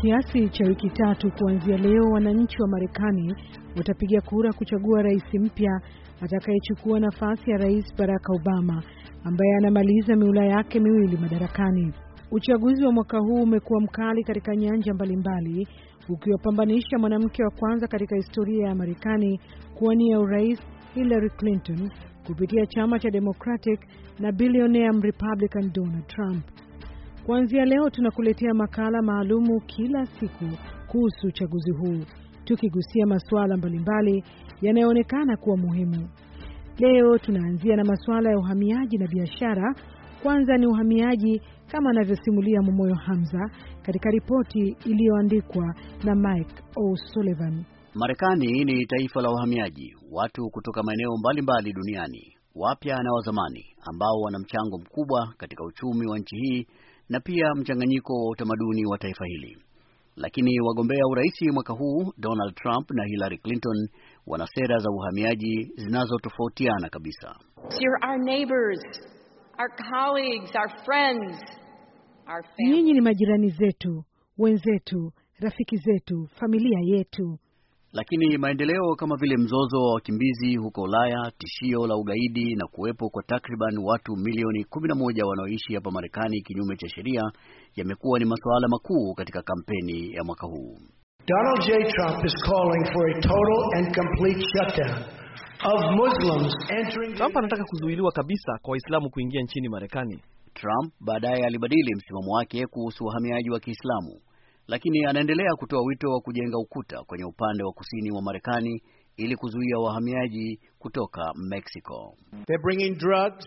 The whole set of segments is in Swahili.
kiasi cha wiki tatu kuanzia leo, wananchi wa Marekani watapiga kura kuchagua rais mpya atakayechukua nafasi ya Rais Barack Obama ambaye anamaliza miula yake miwili madarakani. Uchaguzi wa mwaka huu umekuwa mkali katika nyanja mbalimbali, ukiwapambanisha mwanamke wa kwanza katika historia ya Marekani kuwania urais Hillary Clinton kupitia chama cha Democratic na bilionea Mrepublican Donald Trump. Kuanzia leo tunakuletea makala maalumu kila siku kuhusu uchaguzi huu, tukigusia masuala mbalimbali yanayoonekana kuwa muhimu. Leo tunaanzia na masuala ya uhamiaji na biashara. Kwanza ni uhamiaji, kama anavyosimulia Momoyo Hamza katika ripoti iliyoandikwa na Mike O'Sullivan. Marekani ni taifa la uhamiaji, watu kutoka maeneo mbalimbali duniani, wapya na wazamani, ambao wana mchango mkubwa katika uchumi wa nchi hii na pia mchanganyiko wa utamaduni wa taifa hili. Lakini wagombea urais mwaka huu Donald Trump na Hillary Clinton wana sera za uhamiaji zinazotofautiana kabisa. Nyinyi ni majirani zetu, wenzetu, rafiki zetu, familia yetu. Lakini maendeleo kama vile mzozo wa wakimbizi huko Ulaya, tishio la ugaidi na kuwepo kwa takriban watu milioni 11 wanaoishi hapa Marekani kinyume cha sheria yamekuwa ni masuala makuu katika kampeni ya mwaka huu. Donald J. Trump is calling for a total and complete shutdown of Muslims entering... Trump anataka kuzuiliwa kabisa kwa Waislamu kuingia nchini Marekani. Trump baadaye alibadili msimamo wake kuhusu wahamiaji wa Kiislamu lakini anaendelea kutoa wito wa kujenga ukuta kwenye upande wa kusini wa Marekani ili kuzuia wahamiaji kutoka Mexico. They're bringing drugs,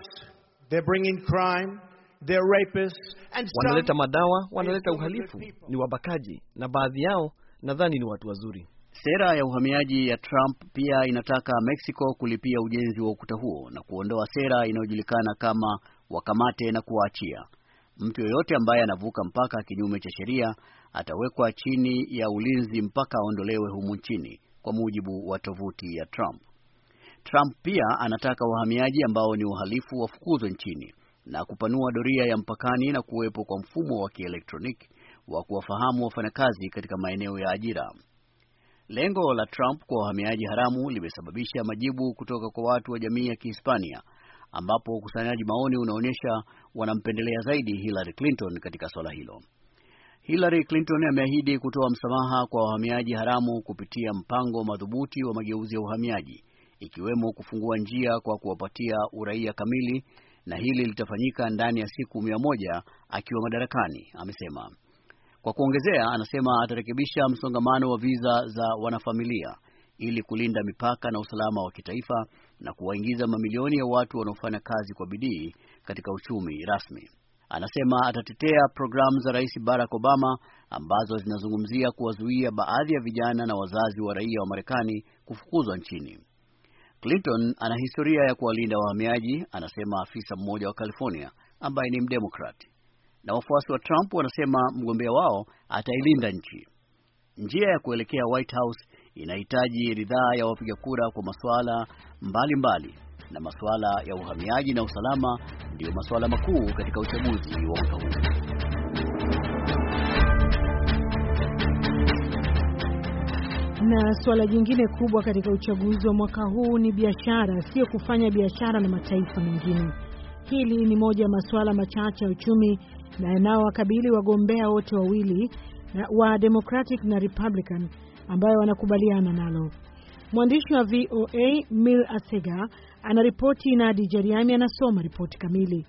they're bringing crime, they're rapists, and wanaleta madawa, wanaleta uhalifu, ni wabakaji na baadhi yao nadhani ni watu wazuri. Sera ya uhamiaji ya Trump pia inataka Mexico kulipia ujenzi wa ukuta huo na kuondoa sera inayojulikana kama wakamate na kuwaachia. Mtu yoyote ambaye anavuka mpaka kinyume cha sheria atawekwa chini ya ulinzi mpaka aondolewe humu nchini, kwa mujibu wa tovuti ya Trump. Trump pia anataka wahamiaji ambao ni uhalifu wafukuzwe nchini na kupanua doria ya mpakani na kuwepo kwa mfumo wa kielektroniki wa kuwafahamu wafanyakazi katika maeneo ya ajira. Lengo la Trump kwa wahamiaji haramu limesababisha majibu kutoka kwa watu wa jamii ya Kihispania ambapo ukusanyaji maoni unaonyesha wanampendelea zaidi Hillary Clinton katika swala hilo. Hillary Clinton ameahidi kutoa msamaha kwa wahamiaji haramu kupitia mpango madhubuti wa mageuzi ya uhamiaji, ikiwemo kufungua njia kwa kuwapatia uraia kamili, na hili litafanyika ndani ya siku mia moja akiwa madarakani, amesema. Kwa kuongezea, anasema atarekebisha msongamano wa viza za wanafamilia ili kulinda mipaka na usalama wa kitaifa na kuwaingiza mamilioni ya watu wanaofanya kazi kwa bidii katika uchumi rasmi. Anasema atatetea programu za Rais Barack Obama ambazo zinazungumzia kuwazuia baadhi ya vijana na wazazi wa raia wa Marekani kufukuzwa nchini. Clinton ana historia ya kuwalinda wahamiaji, anasema afisa mmoja wa California ambaye ni mdemokrat Na wafuasi wa Trump wanasema mgombea wao atailinda nchi. Njia ya kuelekea White House inahitaji ridhaa ya wapiga kura kwa masuala mbalimbali, na masuala ya uhamiaji na usalama ndiyo masuala makuu katika uchaguzi wa mwaka huu. Na suala jingine kubwa katika uchaguzi wa mwaka huu ni biashara, sio kufanya biashara na mataifa mengine. Hili ni moja ya masuala machache ya uchumi na yanaowakabili wagombea wote wawili wa Democratic na Republican ambayo wanakubaliana nalo. Mwandishi wa VOA Mil Asega anaripoti na Adijeriami anasoma ripoti kamili.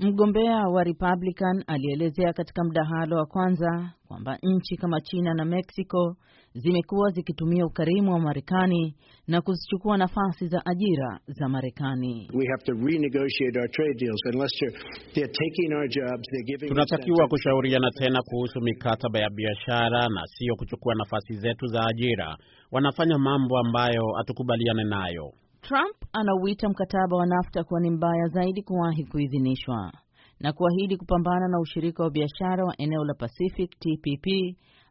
Mgombea wa Republican alielezea katika mdahalo wa kwanza kwamba nchi kama China na Mexico zimekuwa zikitumia ukarimu wa Marekani na kuzichukua nafasi za ajira za Marekani. Tunatakiwa kushauriana tena kuhusu mikataba ya biashara na sio kuchukua nafasi zetu za ajira. Wanafanya mambo ambayo hatukubaliane nayo. Trump anauita mkataba wa NAFTA kuwa ni mbaya zaidi kuwahi kuidhinishwa na kuahidi kupambana na ushirika wa biashara wa eneo la Pacific TPP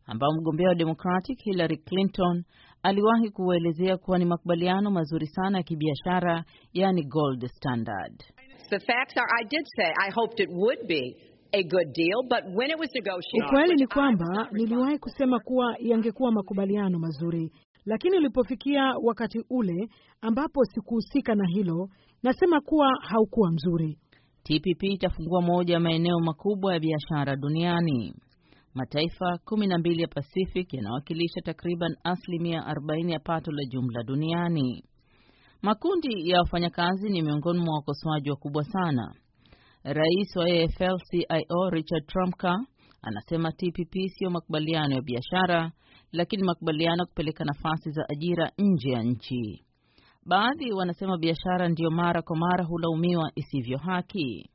ambao mgombea wa Democratic Hillary Clinton aliwahi kuelezea kuwa ni makubaliano mazuri sana ya kibiashara, yani gold standard. Ukweli ni kwamba niliwahi kusema kuwa yangekuwa makubaliano mazuri, lakini ulipofikia wakati ule ambapo sikuhusika na hilo, nasema kuwa haukuwa mzuri. TPP itafungua moja ya maeneo makubwa ya biashara duniani. Mataifa kumi na mbili ya Pacific yanawakilisha takriban asilimia 40 ya pato la jumla duniani. Makundi ya wafanyakazi ni miongoni mwa wakosoaji wakubwa sana. Rais wa AFL-CIO Richard Trumka anasema TPP siyo makubaliano ya biashara, lakini makubaliano kupeleka nafasi za ajira nje ya nchi. Baadhi wanasema biashara ndiyo mara kwa mara hulaumiwa isivyo haki.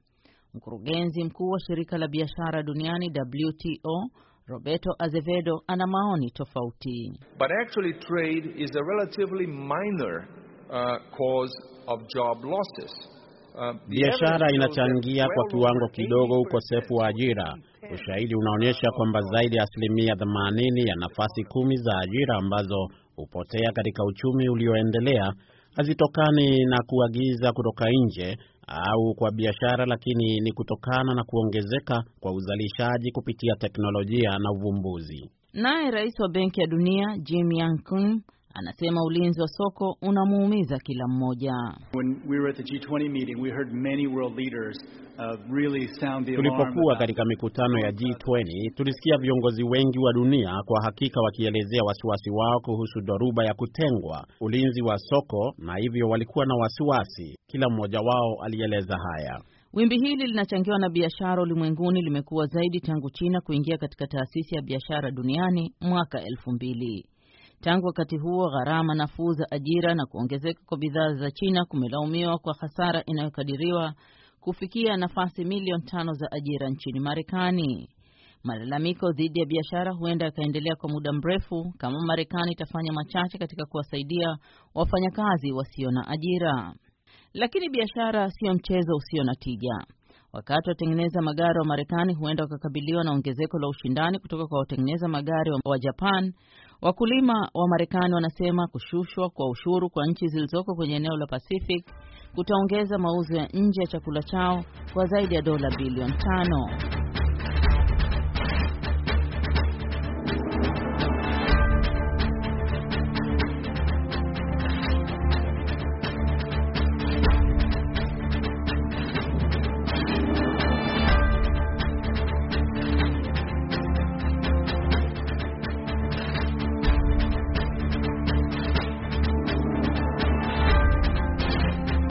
Mkurugenzi mkuu wa shirika la biashara duniani WTO Roberto Azevedo ana maoni tofauti. But actually trade is a relatively minor uh, cause of job losses. Uh, biashara inachangia kwa kiwango kidogo ukosefu wa ajira. Ushahidi unaonyesha kwamba zaidi ya asilimia 80 ya nafasi kumi za ajira ambazo hupotea katika uchumi ulioendelea hazitokani na kuagiza kutoka nje au kwa biashara, lakini ni kutokana na kuongezeka kwa uzalishaji kupitia teknolojia na uvumbuzi. Naye rais wa Benki ya Dunia Jim Yankun Anasema ulinzi wa soko unamuumiza kila mmoja. Uh, Tulipokuwa katika mikutano ya G20 tulisikia viongozi wengi wa dunia kwa hakika wakielezea wasiwasi wao kuhusu dhoruba ya kutengwa, ulinzi wa soko, na hivyo walikuwa na wasiwasi. Kila mmoja wao alieleza haya. Wimbi hili linachangiwa na biashara ulimwenguni, limekuwa zaidi tangu China kuingia katika taasisi ya biashara duniani mwaka elfu mbili. Tangu wakati huo, gharama nafuu za ajira na kuongezeka kwa bidhaa za China kumelaumiwa kwa hasara inayokadiriwa kufikia nafasi milioni tano za ajira nchini Marekani. Malalamiko dhidi ya biashara huenda yakaendelea kwa muda mrefu kama Marekani itafanya machache katika kuwasaidia wafanyakazi wasio na ajira. Lakini biashara siyo mchezo usio na tija. Wakati watengeneza magari wa Marekani huenda wakakabiliwa na ongezeko la ushindani kutoka kwa watengeneza magari wa Japan, wakulima wa Marekani wanasema kushushwa kwa ushuru kwa nchi zilizoko kwenye eneo la Pacific kutaongeza mauzo ya nje ya chakula chao kwa zaidi ya dola bilioni tano.